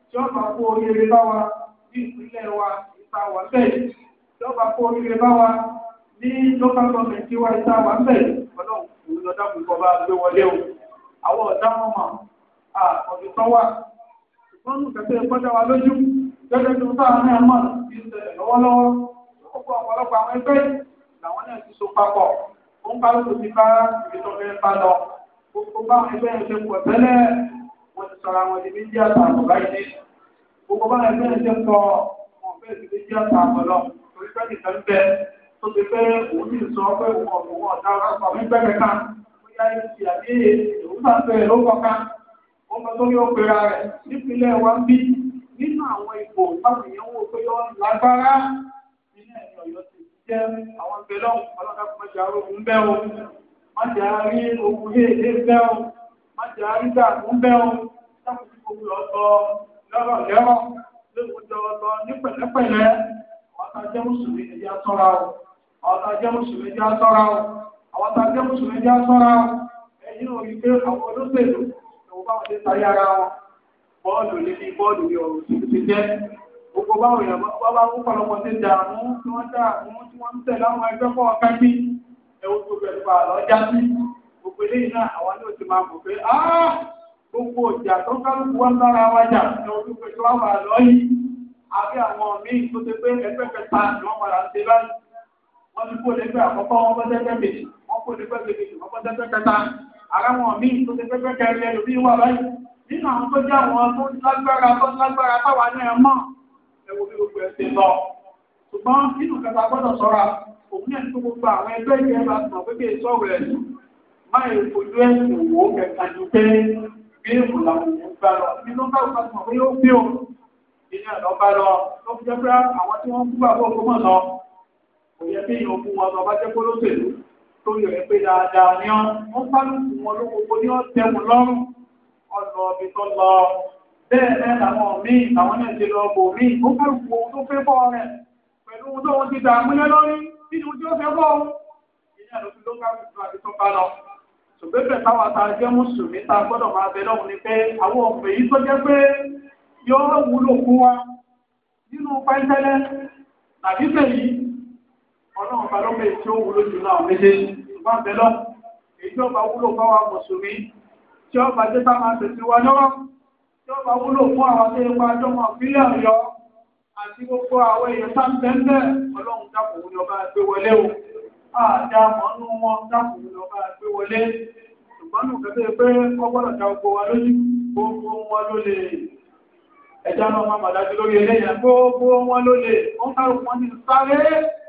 A: tí ó bá kó oríire bá wa ní ìpínlẹ̀ wa ìta wà bẹ́ẹ̀ tí ó bá kó oríire bá wa ní local government wa ìta wà ń bẹ̀ ọlọ́run òun lọ́dá gbogbo ọba gbé wọlé o àwọn ọ̀dá wọn mọ̀ ọ̀dùn tán wà ṣùgbọ́n nù kẹsẹ̀ ìkọjá wa lójú gẹ́gẹ́ tó bá àwọn ẹ̀mọ́ ti ṣẹlẹ̀ lọ́wọ́lọ́wọ́ ọ̀pọ̀ ọ̀pọ̀lọpọ̀ àwọn ẹgbẹ́ làwọn náà ti so papọ̀ ó ń kálukú ti bá ìgbésọ̀ fẹ́ bá lọ gbogbo báwọn ẹgbẹ́ yẹn ṣe pọ̀ tẹ́lẹ̀ wọ́n ti sọ̀rọ̀ àwọn ìdíbí jẹ́ àtàkùn báyìí gbogbo báwọn ẹgbẹ́ yẹn ṣe pọ̀ wọ́n fẹ́ẹ́ ìdíbí jẹ́ àtàkùn lọ torí pẹ́ẹ́lí tó ti fẹ́ òní sọ pé òun ọ̀pọ̀ ọ̀dà ọ̀pọ̀ mi gbẹ́gbẹ́ kan bóyá ìsì àbí ìrúbàfẹ́ ló kọ́ka ọmọ tó ní òpera rẹ̀ nípínlẹ̀ wa ń bí nínú àwọn ipò táwọn èèyàn wò pé yọ lágbára nílẹ̀ ọ̀yọ́ ti jẹ́ àwọn ìbẹ̀lẹ̀ ọ̀pọ̀lọpọ̀ ogun bẹ́ o má jẹ́ àárí ogun léèdè bẹ́ o má jẹ́ àárí dàgún bẹ́ o dákùn sí gbogbo ọ̀tọ̀ lọ́rọ̀ lẹ́rọ̀ lóòótọ́ ọ̀tọ̀ ní pẹ̀lẹ́pẹ̀lẹ́ ọ̀tọ̀ jẹ́ mùsùlùmí ẹ̀yà tọ́ra o àwọn tá a jẹ́ mùsùlùmí jẹ́ sọ́ra o àwọn tá a jẹ́ mùsùlùmí jẹ́ sọ́ra o ẹ̀yin ò rí pé àwọn olóṣèlú ìwọ báwọn ṣe ta yára wọn bọ́ọ̀lù ní bí bọ́ọ̀lù ní ọ̀rọ̀ tó ti jẹ́ gbogbo báwọn èèyàn bá bá kó pọ̀lọpọ̀ ṣe dààmú tí wọ́n dààmú tí wọ́n ń tẹ̀ láwọn ẹgbẹ́ pọ̀ ọ̀ká bí ẹ̀wọ̀n gbogbo ẹ̀ nípa sí gbogbo wọ́n ti kó lẹ́gbẹ́ àkọ́kọ́ wọn bọ́ tẹ́tẹ́ méjì wọ́n kó lẹ́gbẹ́ méjì wọ́n bọ́ tẹ́tẹ́ kẹta ara wọn míì tó ti pẹ́pẹ́ kẹrin ẹlòmí wà báyìí nínú àwọn tó jẹ́ àwọn tó lágbára tó lágbára táwa náà mọ̀ ẹ̀wò bí gbogbo ẹ̀ ti lọ ṣùgbọ́n nínú kẹta gbọ́dọ̀ sọ́ra òun náà tó gbogbo àwọn ẹgbẹ́ ìgbẹ́ bá sọ pé kí èso rẹ̀ má yẹ fojú ẹ̀sìn wò ó kẹta ju pé géèmù làwọn èèyàn gbà ń kò yẹ kí fún wọn bàbá jẹ́ kólóṣèlú tó yọ ẹ pé dáadáa ni ọ́n wọ́n sálùkù wọn ló gbogbo ní ọ́n lọ́rùn ọ̀nà ibi tó lọ bẹ́ẹ̀ bẹ́ẹ̀ làwọn míì àwọn náà ti lọ bò míì ó fẹ́ wo ohun tó fẹ́ bọ́ rẹ̀ pẹ̀lú ohun tó wọn ti dààmú lé lórí nínú tí ó fẹ́ bọ́ ohun ìyá ló fi ló ká tuntun lọ ṣùgbẹ́fẹ̀ táwa ta jẹ́ jẹ́ pé yóò wúlò ọlọ́run bá lọ́mọ tí ó wúlò jù náà méjèèjì bá bẹ lọ èyí tí ó bá wúlò bá wa mùsùlùmí tí ó bá dé bá máa tẹ̀sí wa lọ́wọ́ tí ó bá wúlò fún àwọn tó yẹ pa àjọmọ̀ ìpínlẹ̀ ọ̀yọ́ àti gbogbo àwọn èèyàn tá ń bẹ́ ń bẹ́ ọlọ́run dákòó ni ọba gbé wọlé o àdá mọ́nú wọn dákòó ni ọba gbé wọlé ṣùgbọ́n nù kẹ́kẹ́ pé ọgbọ́dọ̀ ta gbogbo wa lójú gbogbo wọn ló lè ẹja náà wọn màdájú lórí eléyà gbogbo wọn ló lè wọn kárò wọn ní sáré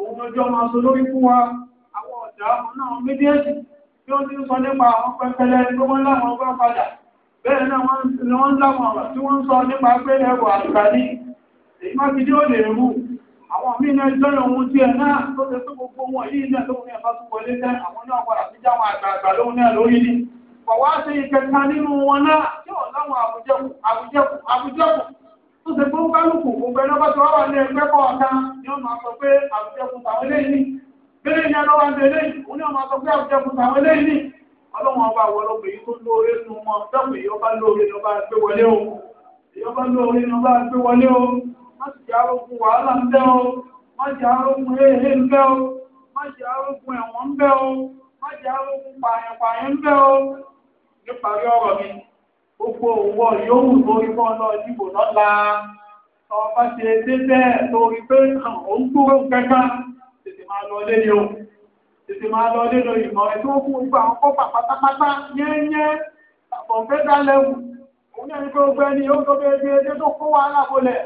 A: òun lọ́jọ́ ọmọ so lórí fún wa náà méjèèjì tí wọ́n ti ń sọ nípa àwọn pẹpẹlẹ tó wọ́n láwọn ọgbà padà bẹ́ẹ̀ náà wọ́n ni wọ́n láwọn ọ̀rọ̀ tí wọ́n ń sọ nípa pé ẹwà àgbàdì èyí má fi dé òde mú gbogbo wọn yìí náà wọlé tẹ́ àwọn náà padà sí jáwọn lóhun náà lórí tó ṣe fún kálukú gbogbo ẹ̀rọ bá ti wá wà ní ẹgbẹ́ kọ̀ọ̀kan ni wọ́n máa sọ pé àwùjẹkùn tàwọn eléyìí ni bẹ́ẹ̀ ni alọ́wà ń tẹ̀lé òun ni wọ́n máa sọ pé àwùjẹkùn tàwọn eléyìí ni ọlọ́wọ́n ọba àwọn ọlọ́pẹ̀ yìí tó lóore nu wọn dọ́pẹ̀ yìí ọba lóore ni ọba gbé wọlé o ìyọba lóore ni ọba gbé wọlé o má sì já wàhálà ń bẹ́ o má sì já ehe ń bẹ́ o má sì já ẹ̀wọ̀n ń bẹ́ o má sì já pààyàn pààyàn ń bẹ́ o níparí ọ̀rọ̀ mi gbogbo òwò yòówù lórí kọ́ lọ ìdìbò lọ́la ọba ṣe dé bẹ́ẹ̀ lórí pé àwọn ń kẹta tètè máa lọ lé ní o tètè máa lọ lé lórí ìmọ̀ ẹ̀ tó fún gbogbo àwọn kọ́pà pátápátá yẹ́nyẹ́ àbọ̀nfẹ́dá lẹ́wù òun náà ní pé gbẹ́ ni ó tó bẹ́ẹ̀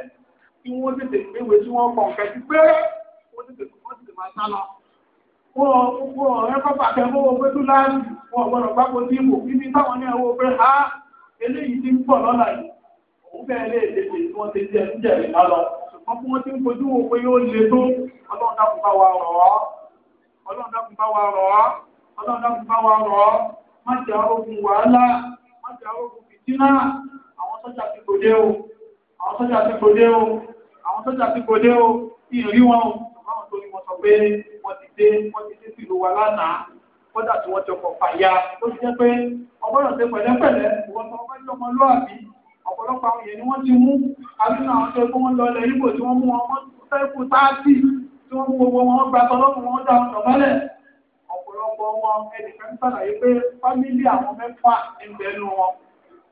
A: eléyìí ti ń pọ̀ lọ́la yìí òun bẹ́ẹ̀ lè lè lè tí wọ́n ti jẹ́ ń jẹ̀rì má lọ ṣùgbọ́n fún wọn ti ń fojú wo pé yóò le tó ọlọ́run dákun bá wa rọ̀ ọ́ ọlọ́run dákun bá wa rọ̀ ọ́ ọlọ́run dákun bá wa rọ̀ ọ́ má jẹ́ ogun wàhálà má jẹ́ ogun fìtínà àwọn sọ́jà ti kò dé o àwọn sọ́jà ti kò dé o àwọn sọ́jà ti kò dé o ìrìn wọn o àwọn tó ní kọ́dà tí wọ́n ti ọkọ̀ fàyà ó ti jẹ́ pé ọgbọ́dọ̀ ṣe pẹ̀lẹ́pẹ̀lẹ́ ìwọ́n tó ọgbọ́n ní ọmọlúwàbí ọ̀pọ̀lọpọ̀ àwọn èèyàn ni wọ́n ti mú àbínú àwọn tó ẹgbẹ́ wọn lọ ilẹ̀ Ìgbò tí wọ́n mú wọn wọ́n fẹ́ kú táàtì tí wọ́n mú gbogbo wọn gba tọlọ́mù wọn dá wọn dọ̀bálẹ̀ ọ̀pọ̀lọpọ̀ wọn ẹnìkan sàlàyé pé fámílì àwọn mẹ́fà ń bẹnu wọn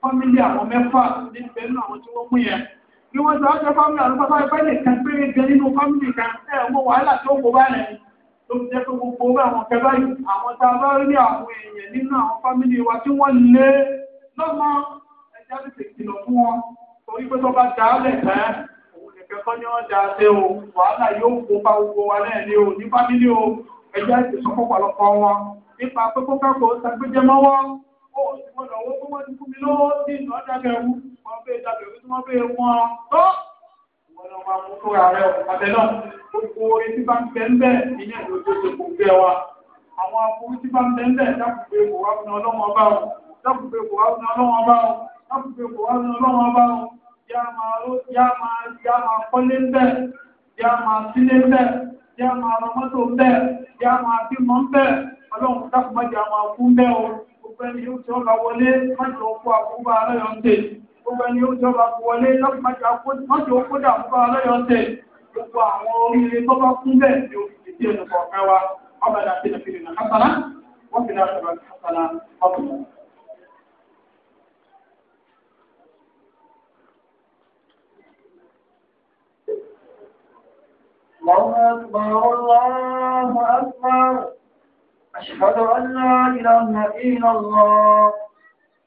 A: fámílì àwọn mẹ́fà ń bẹnu àwọn tí wọ́n mú yẹn bí wọ́n sọ ọ́ jẹ́ fámílì àwọn pápá ẹgbẹ́ nìkan péré jẹ nínú fámílì kan ẹ̀ mọ wàhálà tó kó bá rẹ̀ tó ń jẹ́ pé gbogbo owó àwọn kẹfà yìí àwọn tá a bá rí àwọn èèyàn nínú àwọn fámìlì wa tí wọ́n lé lọ́mọ ẹja tètè kìlọ̀ fún wọn torí pé tó bá dá a lẹ̀ tẹ́ òun nìkan kọ́ ni wọ́n dá a tẹ́ o wàhálà yóò kó bá gbogbo wa náà ní o ní fámìlì o ẹja tètè sọ pọ̀pọ̀lọpọ̀ wọn nípa pé kó kákò sàgbéjẹmọ́wọ́ ó ti wọ́n lọ́wọ́ kó wọ́n ti fún mi lọ́wọ́ sí ìnà wọn lọ máa mú fúnra rẹ ọ̀pàdé náà gbogbo orin tí bá ń bẹ ń bẹ ìyẹn ló tó ṣe kò gbé wa àwọn aburú tí bá ń bẹ ń bẹ dákùgbé kò wá fún ọlọ́wọ́n bá wọn dákùgbé kò wá fún ọlọ́wọ́n bá wọn dákùgbé kò wá fún ọlọ́wọ́n bá wọn yá máa yá máa kọ́lé ń bẹ yá máa sílé ń bẹ yá máa rọ ń bẹ yá máa bímọ ń ń bẹ o gbogbo ẹni yóò tí gbogbo ẹni ó jọba kò wọlé lọ́pàá mọ́jọ kó dààmú bá ọlọ́yọ̀ tẹ̀ gbogbo àwọn oríire tó bá kún bẹ́ẹ̀ ni ó fi ti ẹnu kọ̀ọ̀kan wa ọba dà sí ìdàkejì náà kásánà wọ́n fi náà sọ̀rọ̀ kásánà ọ̀tún. الله أكبر الله أكبر أشهد أن لا إله إلا الله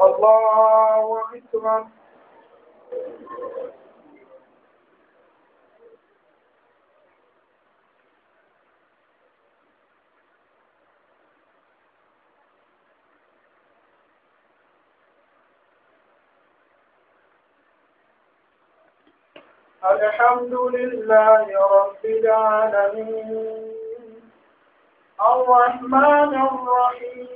A: الله أكبر الحمد لله رب العالمين الرحمن الرحيم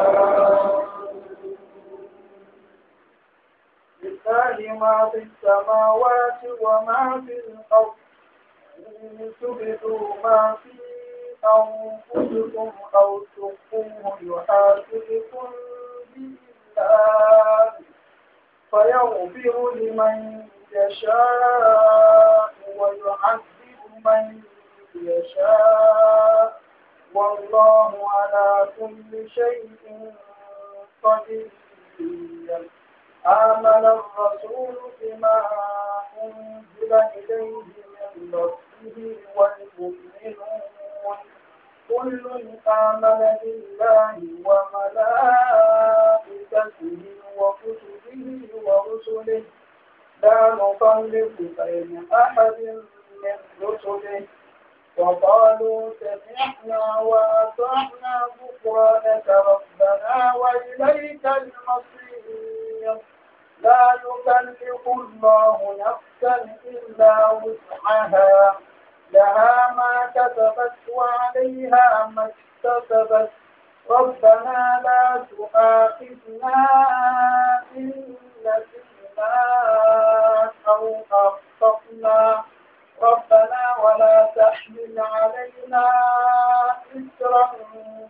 A: لله ما في السماوات وما في الأرض إن تبدوا ما في أنفسكم أو تخفوه يحاسبكم به الله فيغفر لمن يشاء ويعذب من يشاء والله على كل شيء قدير آمن الرسول بما أنزل إليه من ربه والمؤمنون كل آمن بالله وملائكته وكتبه ورسله لا نفرق بين أحد من رسله وقالوا سمعنا وأطعنا غفرانك ربنا وإليك المصير لا يكلف الله نفسا إلا وسعها لها ما كسبت وعليها ما اكتسبت ربنا لا تؤاخذنا إن نسينا أو أخطأنا ربنا ولا تحمل علينا إسرا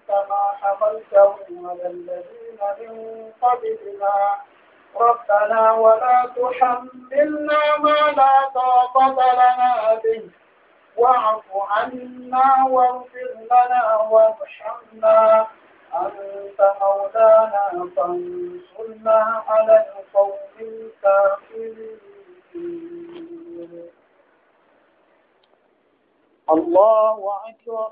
A: كما حملته على الذين من قبلنا ربنا ولا تحملنا ما لا طاقة لنا به واعف عنا واغفر لنا وارحمنا أنت مولانا فانصرنا على القوم الكافرين الله أكبر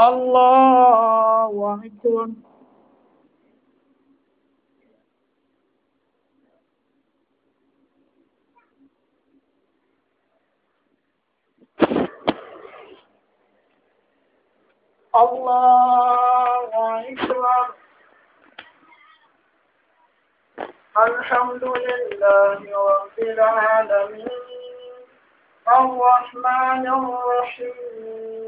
A: الله أكبر الله أكبر الحمد لله رب العالمين الرحمن الرحيم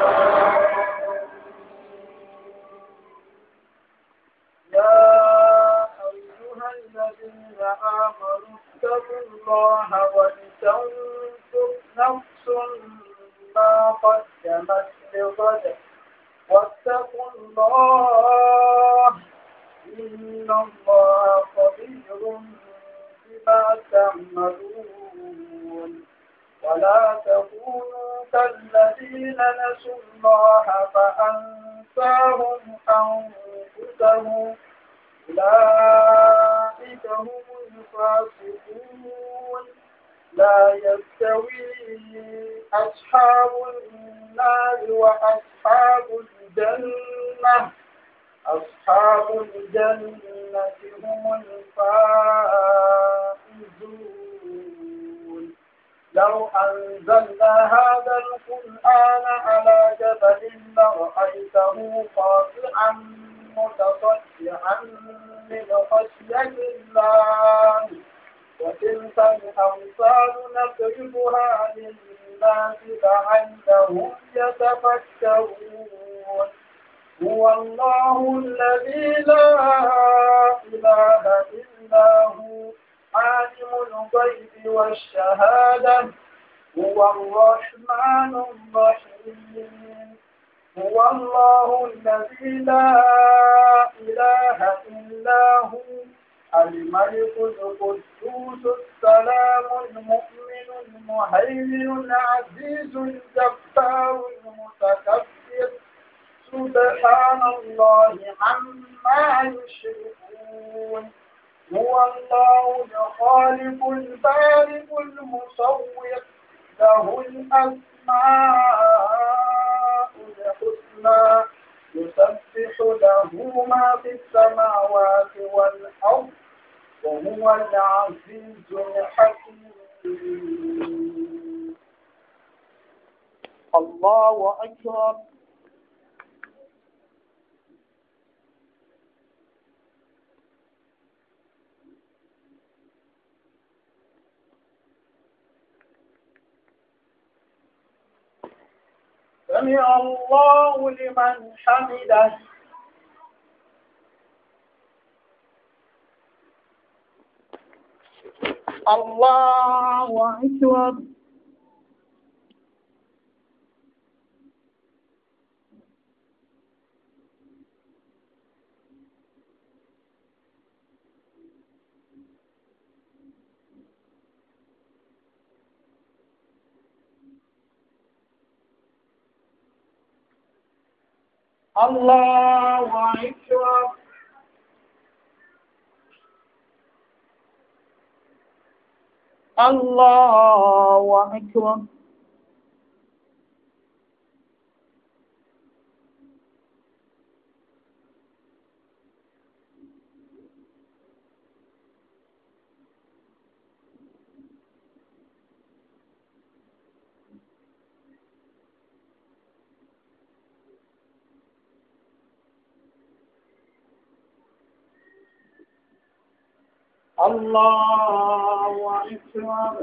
A: الله ولتنظر نفس ما قدمت لغد واتقوا الله إن الله خبير بما تعملون ولا تكونوا كالذين نسوا الله فأنساهم أنفسهم أولئك هم الفاسقون لا يستوي أصحاب النار وأصحاب الجنة أصحاب الجنة هم الفائزون لو أنزلنا هذا القرآن على جبل لرأيته قاطعا متصدعا من خشية الله وتلك الأمثال نضربها للناس لعلهم يتفكرون هو الله الذي لا إله إلا هو عالم الغيب والشهادة هو الرحمن الرحيم هو الله الذي لا إله إلا هو الملك القدوس السلام المؤمن المهيمن العزيز الجبار المتكبر سبحان الله عما يشركون هو الله الخالق البارئ المصور له الأسماء الحسنى يسبح له ما في السماوات والأرض وهو العزيز الحكيم الله أكبر سمع الله لمن حمده الله أكبر الله أكبر الله أكبر الله 是吗？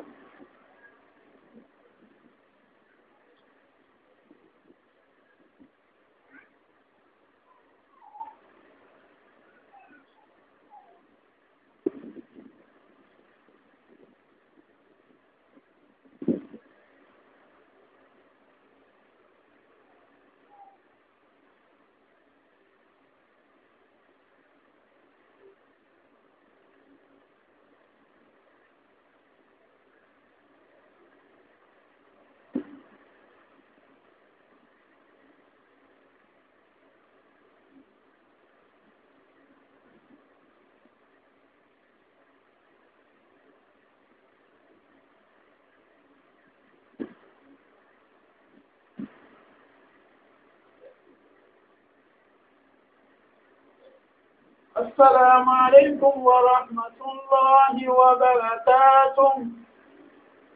A: السلام عليكم ورحمة الله وبركاته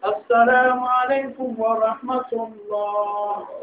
A: السلام عليكم ورحمة الله